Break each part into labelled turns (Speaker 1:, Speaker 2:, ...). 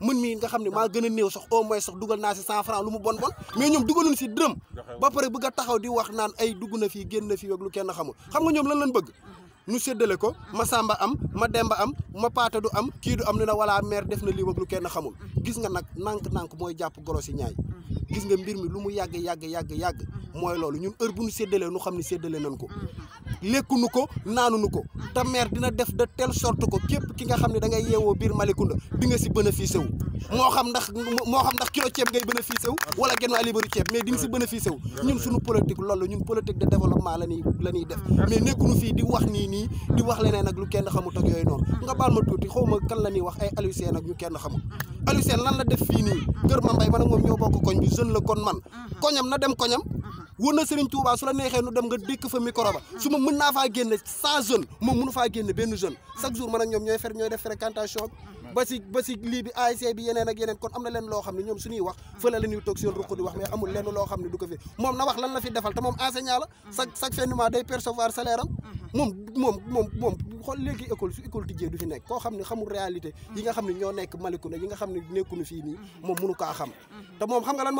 Speaker 1: mën mii nga xam ne maa gën a néew sax au moins sax dugal naa si cent franc lu mu bon bon mais ñoom dugaluñ si dërëm ba pare bëgg a taxaw di wax naan ay dugg na fii génn na fii ak lu kenn xamul xam nga ñoom lan lañ bëgg ñu séddale ko ma samba am ma demba am ma paata du am kii du am ne na wala maire def na lii ak lu kenn xamul gis nga nag nànk-nànk mooy jàpp golo si ñaay gis nga mbir mi lu mu yàgg yàgg yàgg yàgg mooy loolu ñun heure bu ñu séddalee nu xam ni séddale nañ ko lékkunu ko naanunu ko te maire dina def de telle sorte ko képp ki nga xam ne da ngay yeewoo biir Malicounda di nga si bénéficié wu moo xam ndax moo xam ndax kilo ceeb ngay bénéficié wu wala genn waa libaru ceeb mais di nga si bénéficié wu ñun suñu politique loolu ñun politique de développement la ñuy la ñuy def mais nekkunu fii di wax nii nii di wax leneen ak lu kenn xamu ak yooyu noonu nga baal xaw ma kan la ñuy wax ay Aliou Sène ak ñu kenn xamul Aliou Sène lan la def fii nii Kër Mambay man ak moom jeune la kon man koñam na dem koñam wóor na Serigne Touba su la neexee nu dem nga dékk fa micro ba su ma mën naa faa génne cent jeunes moom mënu faa génne benn jeune chaque jour man ak ñoom ñooy fer ñooy def fréquentation bi ba si ba si lii bi ASC bi yeneen ak yeneen kon am na leen loo xam ne ñoom suñuy wax fële la ñuy toog seen ruq di wax mais amul lenn loo xam ne du ko fi moom na wax lan la fi defal te moom enseignant la chaque chaque fin percevoir salaire moom moom moom moom xool léegi école su école tijjee du nekk koo xam ne xamul réalité yi nga xam ne ñoo nekk Malicounda yi ne nekkuñu fii nii moom mënu kaa xam te moom xam nga lan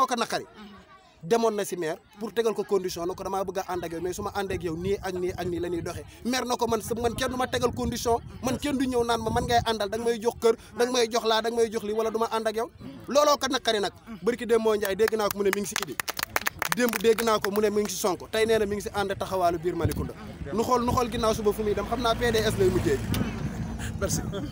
Speaker 1: demoon na si maire pour tegal ko condition na ko damaa bëgg a ànd ak yow mais su ma ànd ak ni a ak nii ak nii la ñuy doxee maire na ko man man kenn du ma tegal condition man kenn du ñëw naan ma man ngay àndal da nga may jox kër da nga may jox laa da nga may jox li wala du ma ànd a yow looloo kat naqari nag bërki dem moo Ndiaye dégg naa ko mu ne mi ngi si idi démb dégg naa ko mu ne mi ngi si Sonko tey nee na mi ngi si ànd taxawaalu biir Malicounda nu xool nu xool ginnaaw suba fu muy dem xam naa PDS lay mujjee merci